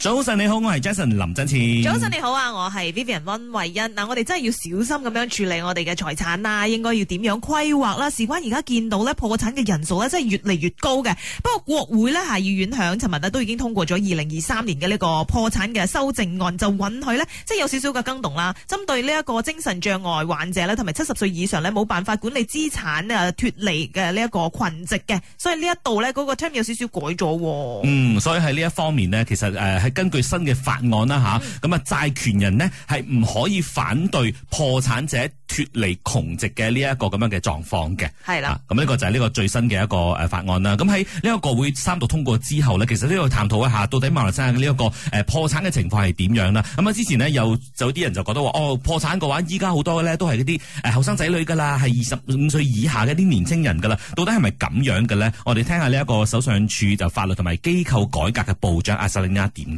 早晨你好，我係 Jason 林振賜。早晨你好啊，我係 Vivian 溫慧欣。嗱，我哋真係要小心咁樣處理我哋嘅財產啦，應該要點樣規劃啦？事關而家見到咧破產嘅人數咧，真係越嚟越高嘅。不過國會咧係要影響，尋日呢，都已經通過咗二零二三年嘅呢個破產嘅修正案，就允許呢，即係有少少嘅更動啦。針對呢一個精神障礙患者呢，同埋七十歲以上呢，冇辦法管理資產啊脫離嘅呢一個群籍，嘅，所以呢一度呢，嗰個 term 有少少改咗。嗯，所以喺呢一方面呢，其實誒。呃根據新嘅法案啦嚇，咁啊債權人呢係唔可以反對破產者脫離窮籍嘅呢一個咁樣嘅狀況嘅。係啦，咁呢個就係呢個最新嘅一個誒法案啦。咁喺呢一個國會三讀通過之後呢，其實都要探討一下到底馬來西亞呢一個誒破產嘅情況係點樣啦。咁啊之前呢，有有啲人就覺得話哦破產嘅話，依家好多咧都係嗰啲誒後生仔女㗎啦，係二十五歲以下嘅啲年青人㗎啦，到底係咪咁樣嘅咧？我哋聽下呢一個首相署就法律同埋機構改革嘅部長阿沙林亞點。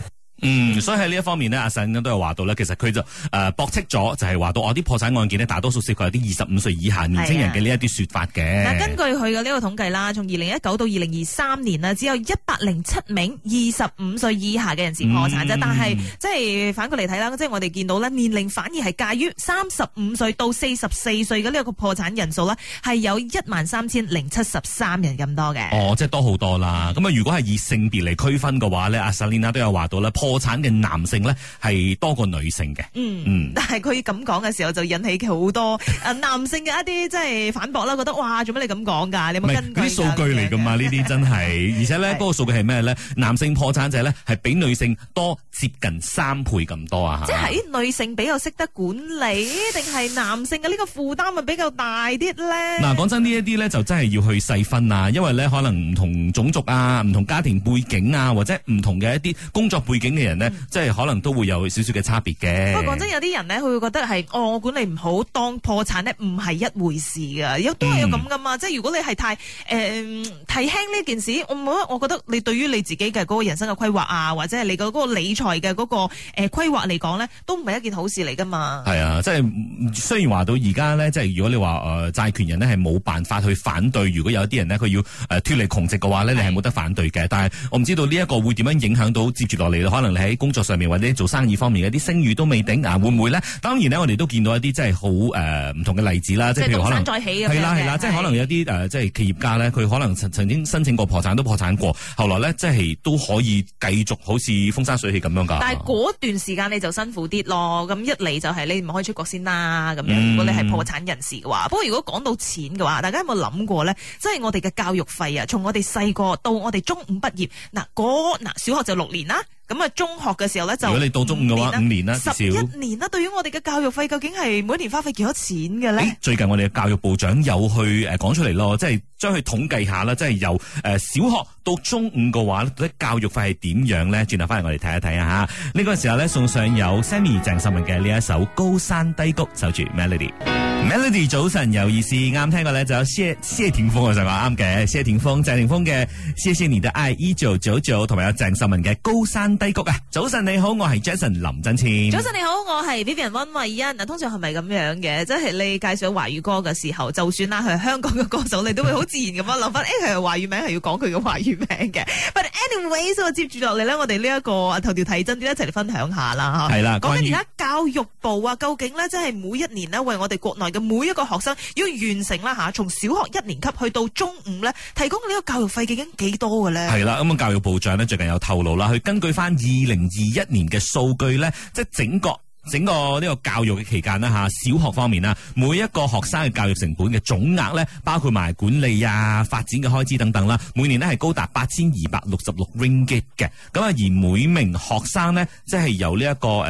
嗯，所以喺呢一方面呢，阿沈都、嗯、有話到呢。其實佢就誒駁、呃、斥咗，就係、是、話到我啲、哦、破產案件呢，大多數涉及啲二十五歲以下年青人嘅呢一啲說法嘅、嗯。根據佢嘅呢個統計啦，從二零一九到二零二三年呢，只有一百零七名二十五歲以下嘅人士破產啫、嗯。但係即係反過嚟睇啦，即係我哋見到呢，年齡反而係介於三十五歲到四十四歲嘅呢個破產人數呢，係有一萬三千零七十三人咁多嘅。哦，即係多好多啦。咁啊，如果係以性別嚟區分嘅話呢，阿 s u 都有話到呢。破產嘅男性咧，係多過女性嘅，嗯嗯，但係佢咁講嘅時候就引起好多誒、 啊、男性嘅一啲即係反駁啦，覺得哇做乜你咁講噶？你乜根？嗰啲數據嚟噶嘛？呢 啲真係，而且咧嗰、嗰個數據係咩咧？男性破產者咧係比女性多接近三倍咁多啊！即係女性比較識得管理，定 係男性嘅呢個負擔咪比較大啲咧？嗱、啊，講真呢一啲咧就真係要去細分啊，因為咧可能唔同種族啊、唔同家庭背景啊，或者唔同嘅一啲工作背景。人咧、嗯，即係可能都會有少少嘅差別嘅。不過講真，有啲人呢，佢會覺得係哦，我管理唔好，當破產呢唔係一回事噶，都有都係有咁噶嘛。嗯、即係如果你係太誒睇、呃、輕呢件事，我冇，我覺得你對於你自己嘅嗰個人生嘅規劃啊，或者係你嘅個理財嘅嗰、嗰個誒、呃、規劃嚟講呢，都唔係一件好事嚟噶嘛。係啊，即係雖然話到而家呢，即係如果你話誒、呃、債權人呢係冇辦法去反對，如果有啲人呢，佢要誒脫、呃、離窮籍嘅話呢，你係冇得反對嘅。但係我唔知道呢一個會點樣影響到接住落嚟，可能。你喺工作上面或者做生意方面嘅啲聲譽都未頂、嗯、啊，會唔會咧？當然咧，我哋都見到一啲即係好誒唔同嘅例子啦，即係譬如可能係啦係啦，即係可能有啲誒、呃，即係企業家咧，佢、嗯、可能曾曾經申請過破產，都破產過，後來咧即係都可以繼續好似風生水起咁樣噶。但係嗰段時間你就辛苦啲咯。咁一嚟就係你唔可以出國先啦。咁樣如果你係破產人士嘅話、嗯，不過如果講到錢嘅話，大家有冇諗過咧？即係我哋嘅教育費啊，從我哋細個到我哋中五畢業嗱，嗰嗱小學就六年啦。咁啊，中學嘅時候咧，就如果你到中五嘅話，五年啦、啊，十、啊、一年啦、啊，對於我哋嘅教育費，究竟係每年花費幾多錢嘅咧、欸？最近我哋嘅教育部長有去誒講、呃、出嚟咯，即係將佢統計下啦，即係由誒、呃、小學到中五嘅話咧，教育費係點樣咧？轉頭翻嚟我哋睇一睇啊吓，呢、這個時候咧送上有 Sammy 鄭秀文嘅呢一首高山低谷，守住 Melody。Melody 早晨有意思，啱聽過咧就有謝謝霆鋒嘅就話啱嘅，謝霆鋒、鄭霆鋒嘅《謝謝你的愛一九九九》，同埋有,有鄭秀文嘅《高山低谷》啊。早晨你好，我係 Jason 林振千。早晨你好，我係 Vivian 温慧欣。嗱，通常係咪咁樣嘅？即、就、係、是、你介紹華語歌嘅時候，就算啦係香港嘅歌手， 你都會好自然咁樣諗翻，誒、哎，佢嘅華語名，係要講佢嘅華語名嘅。But 啲位，所以我接住落嚟咧，我哋呢一個頭條睇真啲，一齊嚟分享下啦吓。係啦，講緊而家教育部啊，究竟咧，即係每一年呢，為我哋國內嘅每一個學生要完成啦吓，從小學一年級去到中五咧，提供呢個教育費究竟幾多嘅咧？係啦，咁教育部長呢，最近有透露啦，佢根據翻二零二一年嘅數據咧，即係整個。整個呢個教育嘅期間啦吓，小學方面啦，每一個學生嘅教育成本嘅總額咧，包括埋管理啊、發展嘅開支等等啦，每年咧係高達八千二百六十六 ringgit 嘅。咁啊，而每名學生咧，即係由呢一個誒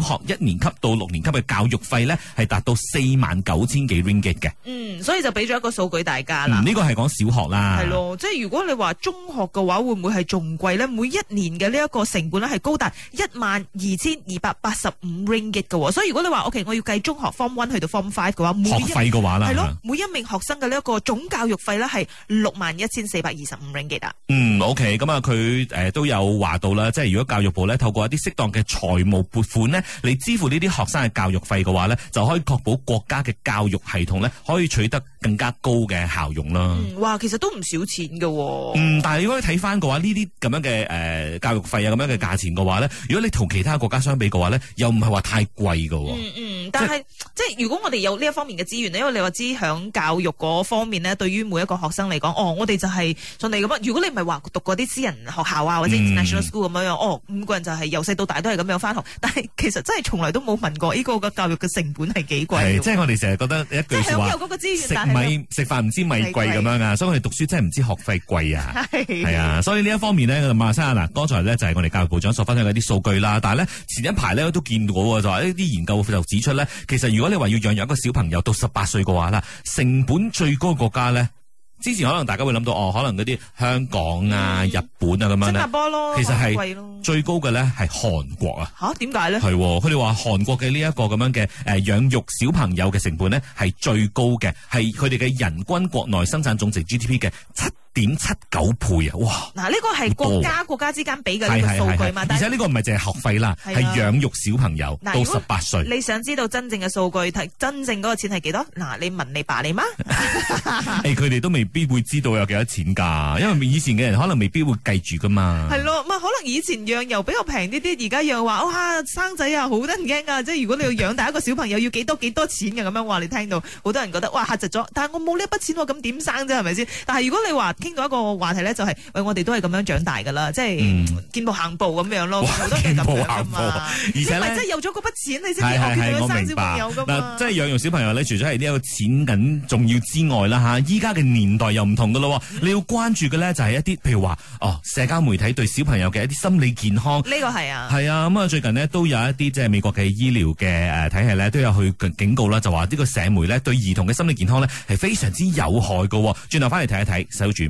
小學一年級到六年級嘅教育費咧，係達到四萬九千幾 ringgit 嘅。嗯，所以就俾咗一個數據大家啦。呢個係講小學啦。係咯，即係如果你話中學嘅話，會唔會係仲貴咧？每一年嘅呢一個成本咧，係高達一萬二千二百八十五 ringgit。升級嘅，所以如果你話 O K，我要計中學 Form One 去到 Form Five 嘅話，學費嘅話啦，係咯，每一名學生嘅呢一個總教育費咧係六萬一千四百二十五 Ringgit 啊。嗯，O K，咁啊，佢誒都有話到啦，即係如果教育部咧透過一啲適當嘅財務撥款咧，嚟支付呢啲學生嘅教育費嘅話咧，就可以確保國家嘅教育系統咧可以取得。更加高嘅效用啦、嗯。哇，其實都唔少錢嘅喎、哦。嗯，但係如果你睇翻嘅話，呢啲咁樣嘅誒、呃、教育費啊，咁樣嘅價錢嘅話咧，如果你同其他國家相比嘅話咧，又唔係話太貴嘅喎。嗯，嗯但係即係如果我哋有呢一方面嘅資源咧，因為你話知響教育嗰方面咧，對於每一個學生嚟講哦，我哋就係順利咁樣。如果你唔係話讀嗰啲私人學校啊，或者 international school 咁樣樣哦，五個人就係由細到大都係咁樣翻學，但係其實真係從來都冇問過呢個教育嘅成本係幾貴，即係我哋成日覺得米食飯唔知米貴咁樣啊，所以我哋讀書真係唔知學費貴啊，係啊，所以呢一方面咧，啊呢就是、馬生啊嗱，剛才咧就係我哋教育部長所分享嘅啲數據啦。但係咧前一排咧都見到喎，就話呢啲研究就指出咧，其實如果你話要養養一個小朋友到十八歲嘅話啦，成本最高嘅國家咧。之前可能大家會諗到哦，可能嗰啲香港啊、嗯、日本啊咁樣咧，新加坡咯，其實係最高嘅咧，係韓國啊。嚇、啊？點解咧？係佢哋話韓國嘅呢一個咁樣嘅誒養育小朋友嘅成本咧，係最高嘅，係佢哋嘅人均國內生產總值 GDP 嘅七點七九倍啊！哇，嗱、這、呢個係國家國家之間俾嘅數據嘛，而且呢個唔係淨係學費啦，係、啊、養育小朋友到十八歲。你想知道真正嘅數據，睇真正嗰個錢係幾多？嗱，你問你爸你媽，誒、 哎，佢哋都未必會知道有幾多錢噶，因為以前嘅人可能未必會計住噶嘛。係咯、啊，可能以前養又比較平啲啲，而家養話哇，生仔好啊好得驚噶，即係如果你要養大一個小朋友 要幾多幾多錢嘅、啊、咁樣，哇！你聽到好多人覺得哇吓窒咗，但係我冇呢一筆錢，我咁點生啫係咪先？但係如果你話，聽到一個話題咧、就是，就係喂，我哋都係咁樣長大噶啦，即係見步行步咁樣咯，好多嘅咁而且咧，即係有咗嗰筆錢，你先至可以生小朋友嗱、啊，即係養育小朋友咧，除咗係呢個錢緊重要之外啦，吓，依家嘅年代又唔同噶咯、嗯。你要關注嘅咧，就係一啲譬如話，哦，社交媒體對小朋友嘅一啲心理健康呢、這個係啊，係啊。咁、嗯、啊，最近呢，都有一啲即係美國嘅醫療嘅誒體系咧，都有去警告啦，就話呢個社媒咧對兒童嘅心理健康咧係非常之有害噶。轉頭翻嚟睇一睇，守住。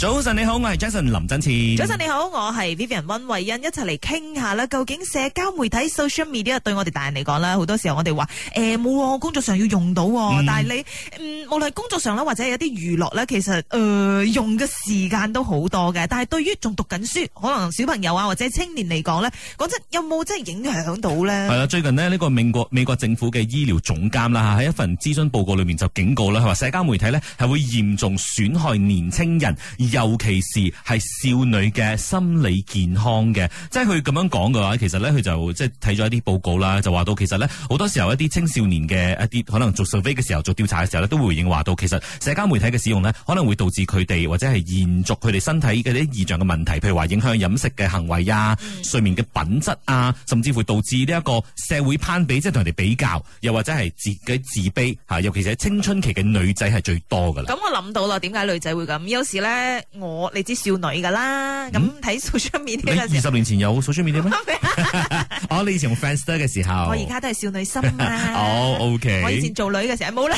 早晨你好，我係 Jason 林振賜。早晨你好，我係 Vivian 温慧欣，一齊嚟傾下啦。究竟社交媒體 social media 對我哋大人嚟講咧，好多時候我哋話誒冇，工作上要用到，嗯、但係你無論工作上或者有啲娛樂咧，其實誒、呃、用嘅時間都好多嘅。但係對於仲讀緊書，可能小朋友啊或者青年嚟講呢，講真有冇真係影響到呢？係啦，最近呢，呢個美國美國政府嘅醫療總監啦吓，喺一份諮詢報告裏面就警告啦，話社交媒體呢，係會嚴重損害年青人。尤其是係少女嘅心理健康嘅，即係佢咁樣講嘅話，其實咧佢就即係睇咗一啲報告啦，就話到其實咧好多時候一啲青少年嘅一啲可能做 survey 嘅時候做調查嘅時候咧，都回應話到其實社交媒體嘅使用咧可能會導致佢哋或者係延續佢哋身體嘅啲異像嘅問題，譬如話影響飲食嘅行為啊、睡眠嘅品質啊，甚至乎導致呢一個社會攀比，即係同人哋比較，又或者係自己自卑嚇，尤其是喺青春期嘅女仔係最多噶啦。咁我諗到啦，點解女仔會咁？有時咧～我你知少女噶啦，咁睇、嗯、social media。二十年前有 social media 咩？我、 oh，你以前用 Friendster 嘅時候，我而家都係少女心啦。好 OK。我以前做女嘅時候 有冇啦。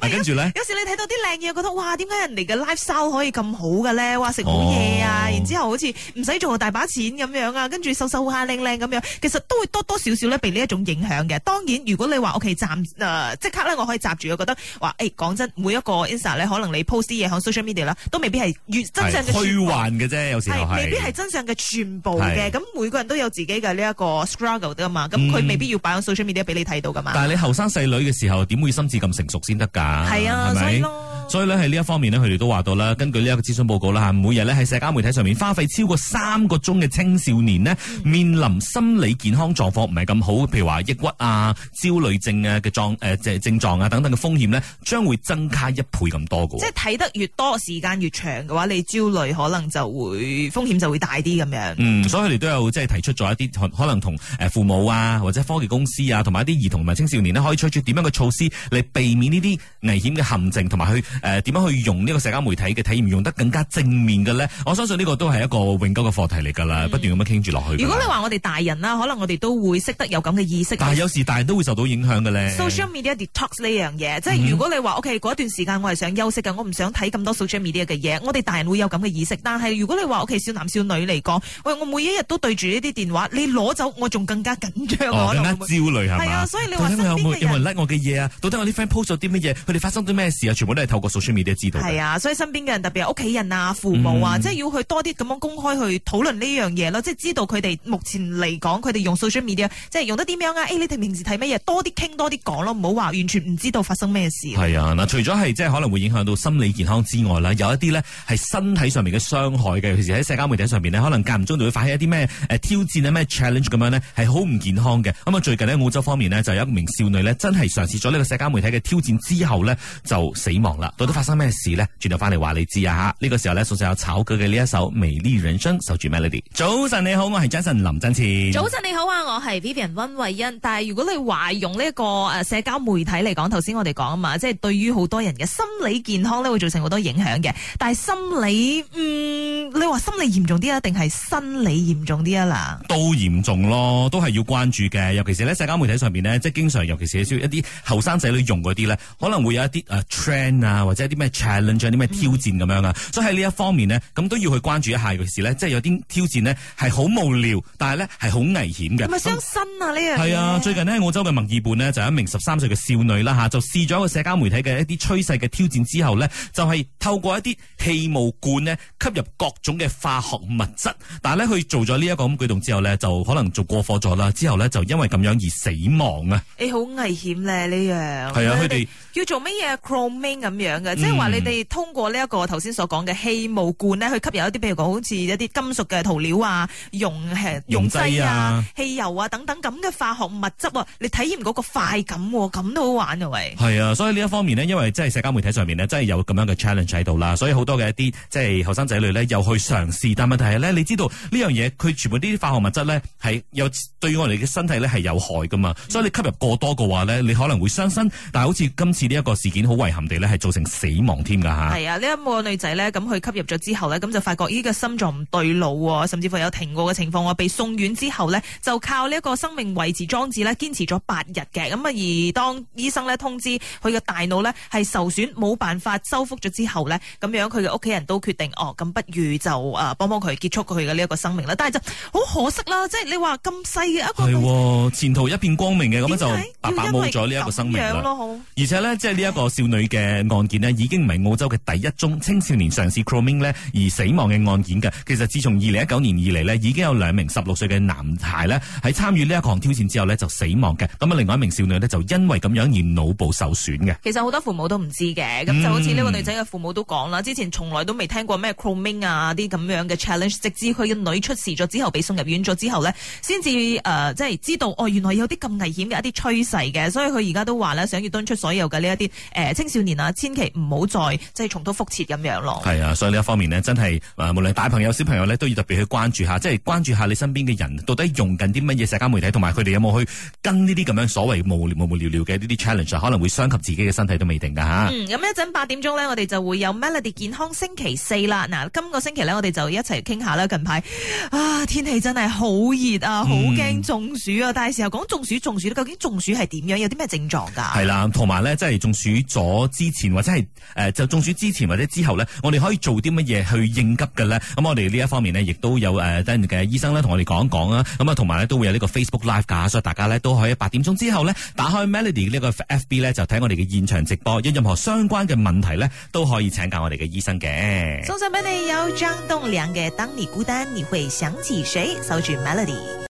跟住咧，有時你睇到啲靚嘢，覺得哇，點解人哋嘅 lifestyle 可以咁好嘅呢？哇食好嘢啊，oh。然之後好似唔使做大把錢咁樣啊，跟住瘦瘦下靚靚咁樣，其實都會多多少少呢，被呢一種影響嘅。當然，如果你話 OK 站即刻呢，我可以閘住我覺得嘩，講真，每一個 insta 呢，可能你 post 啲嘢喺 social media 咧。都未必係越真相嘅虛幻嘅啫，有時係未必係真相嘅全部嘅。咁每個人都有自己嘅呢一個 struggle 噶嘛。咁、嗯、佢未必要擺喺 social media 俾你睇到㗎嘛。但係你後生細女嘅時候，點會心智咁成熟先得㗎？係啊，所以咯。所以咧喺呢一方面呢，佢哋都話到啦。根據呢一個諮詢報告啦吓，每日咧喺社交媒體上面花費超過三個鐘嘅青少年呢，面臨心理健康狀況唔係咁好，譬如話抑鬱啊、焦慮症啊嘅狀誒即係症狀啊等等嘅風險呢，將會增加一倍咁多嘅。即係睇得越多，時間越長嘅話，你焦慮可能就會風險就會大啲咁樣。嗯，所以佢哋都有即係提出咗一啲可能同誒父母啊或者科技公司啊同埋一啲兒童同埋青少年呢，可以採取點樣嘅措施嚟避免呢啲危險嘅陷阱，同埋去。誒、呃，點樣去用呢個社交媒體嘅體驗用得更加正面嘅咧？我相信呢個都係一個永久嘅課題嚟噶啦，不斷咁樣傾住落去。如果你話我哋大人啦，可能我哋都會識得有咁嘅意識。但係有時大人都會受到影響嘅咧。Social media detox 呢樣嘢，即係如果你話、嗯、OK，嗰段時間我係想休息嘅，我唔想睇咁多 social media 嘅嘢。我哋大人會有咁嘅意識，但係如果你話 OK，少男少女嚟講，喂，我每一日都對住呢啲電話，你攞走我仲更加緊張，哦、會會更加焦慮係嘛？係啊，所以你話身邊人有，有人叻、like、我嘅嘢啊？到底我啲 friend post 咗啲乜嘢？佢哋發生啲咩事啊？全部都係投。個 social media 知道係啊，所以身邊嘅人，特別係屋企人啊、父母啊，嗯、即係要去多啲咁樣公開去討論呢樣嘢咯，即係知道佢哋目前嚟講，佢哋用 social media，即係用得點樣啊？誒、欸，你哋平時睇乜嘢？多啲傾，多啲講咯，唔好話完全唔知道發生咩事。係啊，嗱，除咗係即係可能會影響到心理健康之外啦，有一啲呢係身體上面嘅傷害嘅，其實喺社交媒體上面呢，可能間唔中就會發起一啲咩誒挑戰咩 challenge 咁樣呢，係好唔健康嘅。咁啊，最近喺澳洲方面呢，就有一名少女呢，真係嘗試咗呢個社交媒體嘅挑戰之後呢，就死亡啦。到底發生咩事呢？轉頭翻嚟話你知啊吓！呢個時候咧，宿舍有炒佢嘅呢一首《美麗人生》，守住 melody。早晨你好，我係 Jason 林振前。早晨你好啊，我係 Vivian 温慧欣。但係如果你話用呢一個誒社交媒體嚟講，頭先我哋講啊嘛，即係對於好多人嘅心理健康咧，會造成好多影響嘅。但係心理，嗯，你話心理嚴重啲啊，定係生理嚴重啲啊啦？都嚴重咯，都係要關注嘅。尤其是咧，社交媒體上邊呢，即係經常，尤其是一啲後生仔女用嗰啲咧，可能會有一啲誒 trend 啊。或者啲咩 challenge 啲咩挑戰咁樣啊，所以喺呢一方面咧，咁都要去關注一下，尤其是咧，即係有啲挑戰咧係好無聊，但係咧係好危險嘅。唔係傷身啊！呢樣係啊！最近咧澳洲嘅墨爾本咧就有一名十三歲嘅少女啦吓、啊，就試咗一個社交媒體嘅一啲趨勢嘅挑戰之後咧，就係、是、透過一啲氣霧罐咧吸入各種嘅化學物質，但係咧佢做咗呢一個咁舉動之後咧，就可能做過火咗啦，之後咧就因為咁樣而死亡啊！誒、欸，好危險咧呢樣，係啊，佢哋要做乜嘢、啊、chroming 咁樣。嗯、即係話你哋通過呢一個頭先所講嘅氣霧罐呢，去吸入一啲譬如講好似一啲金屬嘅塗料啊、溶係溶劑啊，啊、汽油啊等等咁嘅化學物質、啊，你體驗嗰個快感、啊，咁都好玩嘅、啊、喂。係啊，所以呢一方面呢，因為即係社交媒體上面咧，真係有咁樣嘅 challenge 喺度啦，所以好多嘅一啲即係後生仔女呢，又去嘗試。但問題係呢，你知道呢樣嘢，佢全部啲化學物質呢，係有對於我哋嘅身體呢，係有害噶嘛，所以你吸入過多嘅話呢，你可能會傷身。但係好似今次呢一個事件，好遺憾地呢，係造成。死亡添噶吓，係啊！呢一、啊，這個女仔咧，咁佢吸入咗之後呢，咁就發覺呢個心臟唔對路，甚至乎有停過嘅情況。我被送院之後呢，就靠呢一個生命維持裝置呢，堅持咗八日嘅。咁啊，而當醫生呢，通知佢嘅大腦呢係受損，冇辦法修復咗之後呢，咁樣佢嘅屋企人都決定哦，咁不如就啊幫幫佢結束佢嘅呢一個生命啦。但係就好可惜啦，即係你話咁細嘅一個，前途一片光明嘅，咁就白白冇咗呢一個生命。而且呢，即係呢一個少女嘅案件咧已經唔係澳洲嘅第一宗青少年嘗試 chroming 咧而死亡嘅案件嘅。其實自從二零一九年以嚟呢，已經有兩名十六歲嘅男孩呢喺參與呢一項挑戰之後呢就死亡嘅。咁啊，另外一名少女呢，就因為咁樣而腦部受損嘅。其實好多父母都唔知嘅，咁、嗯、就好似呢個女仔嘅父母都講啦，之前從來都未聽過咩 chroming 啊啲咁樣嘅 challenge，直至佢嘅女出事咗之後，被送入院咗之後呢，先至誒即係知道哦，原來有啲咁危險嘅一啲趨勢嘅。所以佢而家都話呢，想要敦促所有嘅呢一啲誒青少年啊，千唔好再即係、就是、重蹈覆轍咁樣咯。係啊，所以呢一方面呢，真係無論大朋友、小朋友咧，都要特別去關注下，即係關注下你身邊嘅人到底用緊啲乜嘢社交媒體，同埋佢哋有冇去跟呢啲咁樣所謂無無無聊聊嘅呢啲 challenge，可能會傷及自己嘅身體都未定噶吓。咁一陣八點鐘咧，我哋就會有 Melody 健康星期四啦。嗱，今個星期咧，我哋就一齊傾下啦。近排啊天氣真係好熱啊，好驚中暑啊、嗯！但係時候講中暑，中暑究竟中暑係點樣？有啲咩症狀噶？係啦、啊，同埋咧，即係中暑咗之前。即係誒，就中暑之前或者之後咧，我哋可以做啲乜嘢去應急嘅咧？咁、嗯、我哋呢一方面呢，亦都有誒，等、呃、嘅醫生咧同我哋講一講啊。咁、嗯、啊，同埋咧都會有呢個 Facebook Live 噶，所以大家咧都可以八點鐘之後咧打開 Melody 呢個 FB 咧，就睇我哋嘅現場直播。有任何相關嘅問題咧，都可以請教我哋嘅醫生嘅。送上俾你有張棟樑嘅《當你孤單你會想起誰》，守住 Melody。